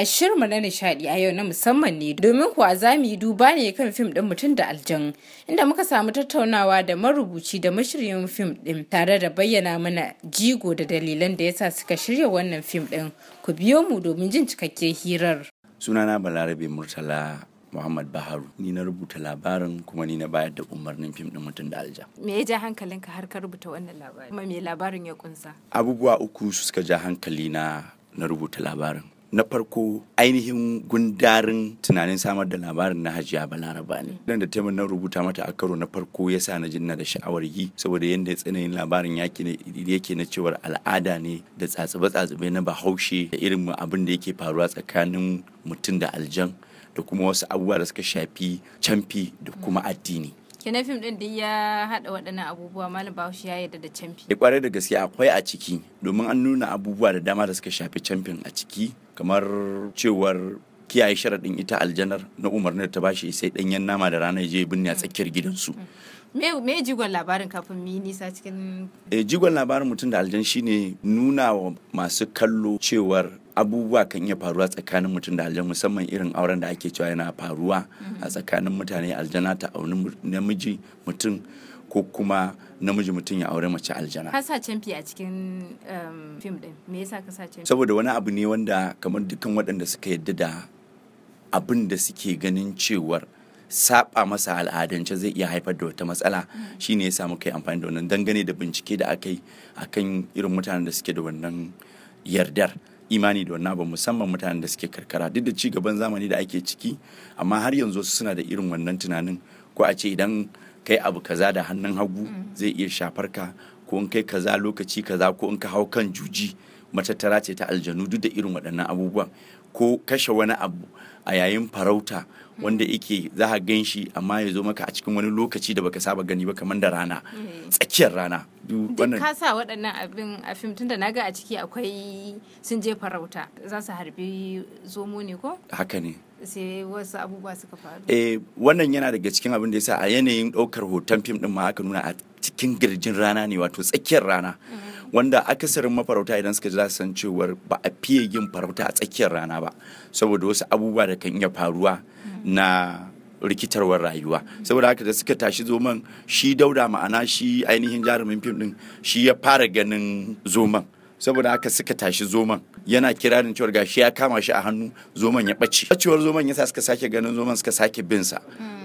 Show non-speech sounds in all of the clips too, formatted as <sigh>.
a shirma na nishadi a yau na musamman ne domin kuwa za mu yi duba ne kan fim din mutum da aljan inda muka samu tattaunawa da marubuci da mashiryin fim din tare da bayyana mana jigo da dalilan da yasa suka shirya wannan fim din ku biyo mu domin jin cikakken hirar sunana balarabe murtala Muhammad Baharu ni na rubuta labarin kuma ni na bayar da umarnin fim din mutum da alja. Me ya ja hankalinka har ka rubuta wannan labarin? Kuma me labarin ya kunsa? Abubuwa uku su suka ja hankali na na rubuta labarin. na farko ainihin gundarin tunanin samar da labarin na hajiya balaraba ne dan da taimakon na rubuta mata a karo na farko ya sa na na da sha'awar yi saboda yadda tsananin labarin yake na cewar al'ada ne da tsatsube-tsatsube na bahaushe da irin abin da yake faruwa tsakanin mutum da aljan da kuma wasu abubuwa da suka shafi camfi da kuma addini na fim din da ya hada waɗannan abubuwa malam bahaushe ya yarda da camfi ya eh, kware da gaske akwai a ciki domin an nuna abubuwa da dama da suka shafi camfin a ciki kamar cewar kiyaye sharaɗin ita aljanar na umarnin da ta bashi sai ɗanyen nama da rana je binne a mm. tsakiyar gidansu mm. me jigon labarin kafin mi nisa cikin eh, jigon labarin mutum da aljan shine nuna wa masu kallo cewar abubuwa kan iya faruwa tsakanin mutum da aljan musamman irin auren da ake cewa yana faruwa a mm-hmm. tsakanin mutane aljana ta auni namiji mutum ko kuma namiji mutum ya aure mace aljana. Ka sa canfi a cikin um, fim din me yasa ka sa canfi? Saboda wani abu ne wanda kamar dukkan waɗanda suka yadda da abin da suke ganin cewar saba masa al'adance zai iya haifar da wata matsala mm-hmm. shi ne ya samu kai amfani da wannan dangane da bincike da aka yi akan irin mutanen da suke da wannan yardar imani da wannan abu musamman mutanen da suke karkara duk da ci gaban zamani da ake ciki amma har yanzu suna da irin wannan tunanin ko a ce idan kai abu kaza da hannun hagu mm. zai iya shafar ka ko in kai kaza lokaci kaza ko in ka hau kan juji matattara ce ta aljanu duk da irin waɗannan abubuwan ko kashe wani abu a yayin farauta wanda yake za a gan shi amma ya zo maka a cikin wani lokaci da baka saba gani ba kamar da rana eh. tsakiyar rana duk ka sa waɗannan abin a fim tunda na ga a ciki akwai sun je farauta za su harbi zomo ne ko haka ne sai wasu abubuwa suka faru eh wannan yana daga cikin abin da yasa a yanayin ɗaukar hoton fim ɗin ma aka nuna a cikin girjin rana ne wato tsakiyar rana mm-hmm. wanda akasarin mafarauta idan suka ji za san cewar ba a fiye yin farauta a tsakiyar rana ba saboda wasu abubuwa da kan iya faruwa mm-hmm. na rikitarwar rayuwa saboda haka da suka tashi zoman shi dauda ma'ana shi ainihin jarumin fim din shi ya fara ganin zoman saboda haka suka tashi zoman yana kirarin cewar gashi ya kama shi a hannu zoman ya ɓace bacewar zoman yasa suka sake ganin zoman suka sake bin sa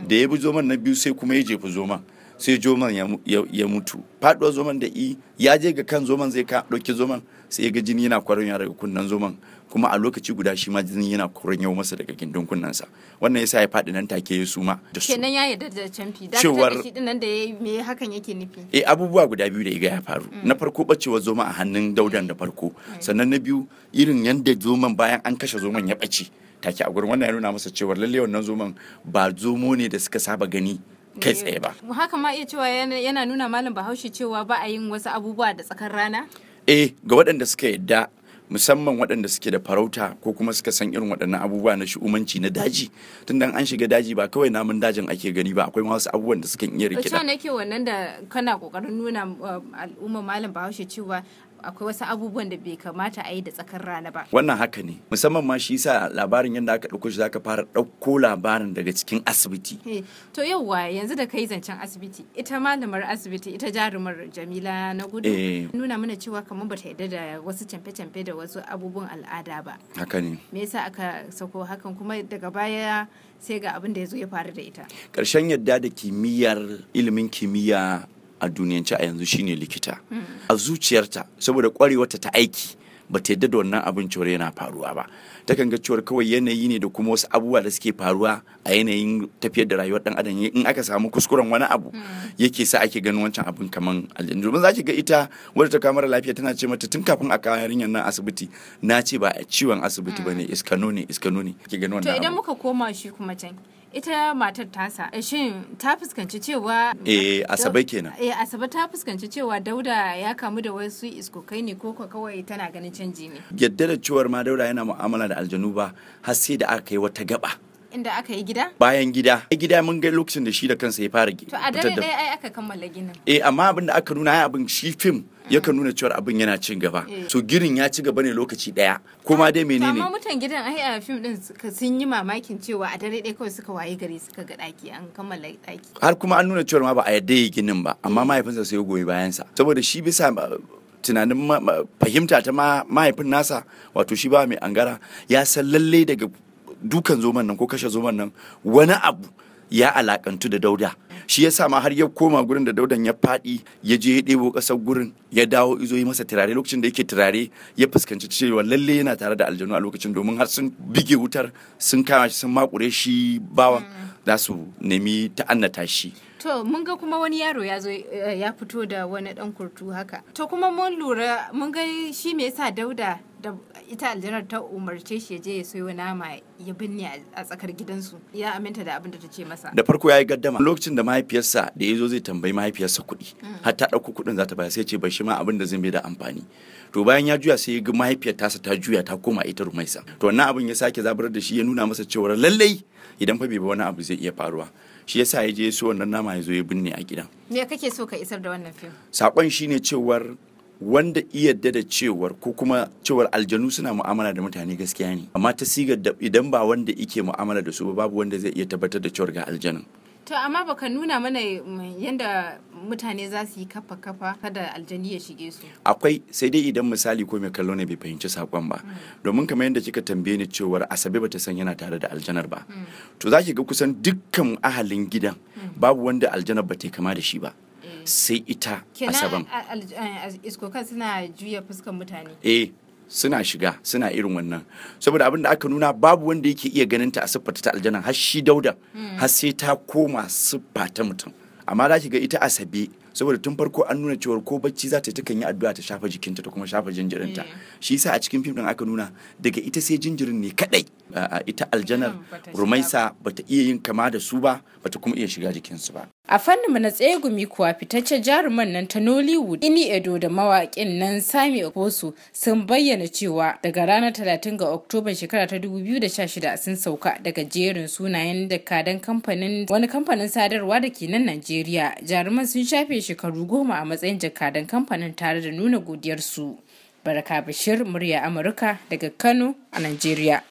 da ya bi zoman na biyu sai kuma ya jefi zoman sai zoman ya mutu faduwa zoman da i ya je ga kan zoman zai ka dauki zoman sai ya ga jini yana kwaron daga kunnen zoman kuma a lokaci guda shi ma jini yana kwarin yau masa daga gindin kunnensa wannan yasa ya faɗi nan take ya suma da su kenan ya yarda da canfi da shi nan da yayi me hakan yake nufi eh abubuwa guda biyu da iga ya faru mm. na farko bacewa zoma a hannun daudan da farko mm. sannan na biyu irin yanda zoman bayan an kashe zoman ya bace take a gurin wannan ya nuna masa cewar lalle wannan zoman ba zomo ne da suka saba gani kai tsaye ba haka ma iya cewa yana nuna malam bahaushe cewa ba a yin wasu abubuwa da tsakar rana eh ga waɗanda suka yadda musamman waɗanda suke da farauta ko kuma suka san irin waɗannan abubuwa na shi'umanci na daji tun dan an shiga daji ba kawai namun dajin ake gani ba akwai wasu abubuwan da suke iya rikida. Cewa nake wannan da kana kokarin nuna um, al'umma malam Bahaushe cewa akwai wasu abubuwan da bai kamata a yi da tsakar rana ba wannan haka ne musamman ma shi sa labarin yadda aka ɗauko shi zaka fara ɗauko labarin daga cikin asibiti eh, to yauwa yanzu da kai zancen asibiti ita malamar asibiti ita jarumar jamila na gudu eh. nuna mana cewa kamar bata yarda da wasu camfe-camfe da wasu abubuwan al'ada ba haka ne me yasa aka sako hakan kuma daga baya sai ga abin da ya zo ya faru da ita ƙarshen yadda da kimiyyar ilimin kimiyya a duniyance a yanzu shine likita hmm. a zuciyarta saboda kwarewarta ta aiki ba ta yadda da wannan abin cewar yana faruwa ba takan ga cewar kawai yanayi ne da kuma wasu abubuwa da suke faruwa a yanayin tafiyar da rayuwar dan adam in aka samu kuskuren wani abu hmm. yake sa ake ganin wancan abin kaman aljanu domin za ki ga ita wadda ta kamar lafiya tana ce mata tun kafin a kawo yarinyar nan asibiti na ce ba ciwon asibiti hmm. bane iskano ne iskano ne ki ganin wannan to idan muka koma shi kuma can ita matar tasa eh, shin ta fuskanci cewa eh asabe kenan eh asabe ta fuskanci cewa dauda ya kamu da wasu iskokai ne ko kawai tana ganin canji ne yadda da cewar ma dauda yana mu'amala da aljanu ba har sai da aka yi wata gaba inda aka yi gida? Bayan gida. Ai gida mun ga lokacin da shi da kansa ya fara gida. To a dare ɗaya ai aka kammala ginin. Eh amma abin da aka nuna ai abin shi fim yakan nuna cewar abin yana cin gaba. Eh. So girin ya ci gaba ne lokaci daya. Kuma dai menene? Amma mutan gidan ai a fim din sun yi mamakin cewa a dare ɗaya kawai suka waye gari suka ga ɗaki an kammala ɗaki. Har kuma an nuna cewar ma ba a yadda yi ginin ba amma eh. mahaifinsa sai ya goyi bayansa. Saboda shi bisa tunanin fahimta ta mahaifin nasa wato shi ba mai angara ya san lalle daga dukan zoman nan ko kashe zoman nan wani abu ya alakantu da dauda shi ya sa har ya koma gurin da daudan ya faɗi ya je ya ɗebo ƙasar gurin ya dawo izo yi masa turare lokacin da yake turare ya fuskanci cewa lalle yana tare da aljanu a lokacin domin har sun bige wutar sun kama shi sun makure shi bawan za su nemi ta'annata shi to mun ga kuma wani yaro ya zo eh, ya fito da wani dan kurtu haka to kuma mun lura mun ga shi me yasa dauda da ita aljanar ta umarce shi ya je ya sayo nama ya binne a tsakar gidansu ya aminta da abin da ta ce masa da farko ya yi gaddama lokacin da mahaifiyarsa da ya zo zai tambayi mahaifiyarsa kuɗi mm. har ta ɗauko kuɗin za ta baya sai ce bai shi ma abin da zai bai da amfani to bayan ya juya sai ya ga mahaifiyar tasa ta juya ta koma ita rumaisa to wannan abin ya sake zabar da shi ya nuna masa cewa lallai idan fa bai ba wani abu zai iya faruwa shi yasa ya je ya so wannan nama ya zo ya binne a gidan. me kake so ka isar da wannan fim sakon shine cewar wanda iya da cewar ko kuma cewar aljanu suna mu'amala da mutane gaskiya ne amma ta sigar da idan ba wanda ike mu'amala da su ba babu wanda zai iya tabbatar da cewar ga aljanun to amma baka nuna mana yadda mutane za su yi kafa kafa kada aljani ya shige su akwai sai dai idan misali ko mai kallo ne bai fahimci sakon ba mm. domin kamar yadda kika tambaye ni cewar asabe bata san yana tare da aljanar ba mm. to zaki ga kusan dukkan ahalin gidan mm. babu wanda aljanar ba ta kama da shi ba sai ita asaban iskokan suna juya fuskan mutane eh suna shiga suna irin wannan saboda abin da aka nuna babu wanda yake iya ganin ta a siffarta ta aljanan har shi dauda hmm. har sai ta koma siffa ta mutum amma za ki ga ita asabe saboda tun farko an nuna cewar ko bacci za ta ta kan yi addu'a ta shafa jikinta ta kuma shafa jinjirinta eh. shi yasa a cikin fim din aka nuna daga ita sai jinjirin ne kadai ita aljanar <laughs> rumaisa bata iya yin kama da su ba bata kuma iya shiga jikinsu ba A fannin na gumi kuwa fitaccen jaruman nan ta Nollywood, Ini Edo da mawaƙin nan Sami Okosu sun bayyana cewa daga ranar 30 ga Oktoba shekara ta 2016 sun sauka daga jerin sunayen dakadan kamfanin wani kamfanin sadarwa da ke nan Najeriya. Jaruman sun shafe shekaru goma a matsayin jakadan kamfanin tare da nuna godiyarsu. Baraka Bashir, murya Amurka daga Kano a Najeriya.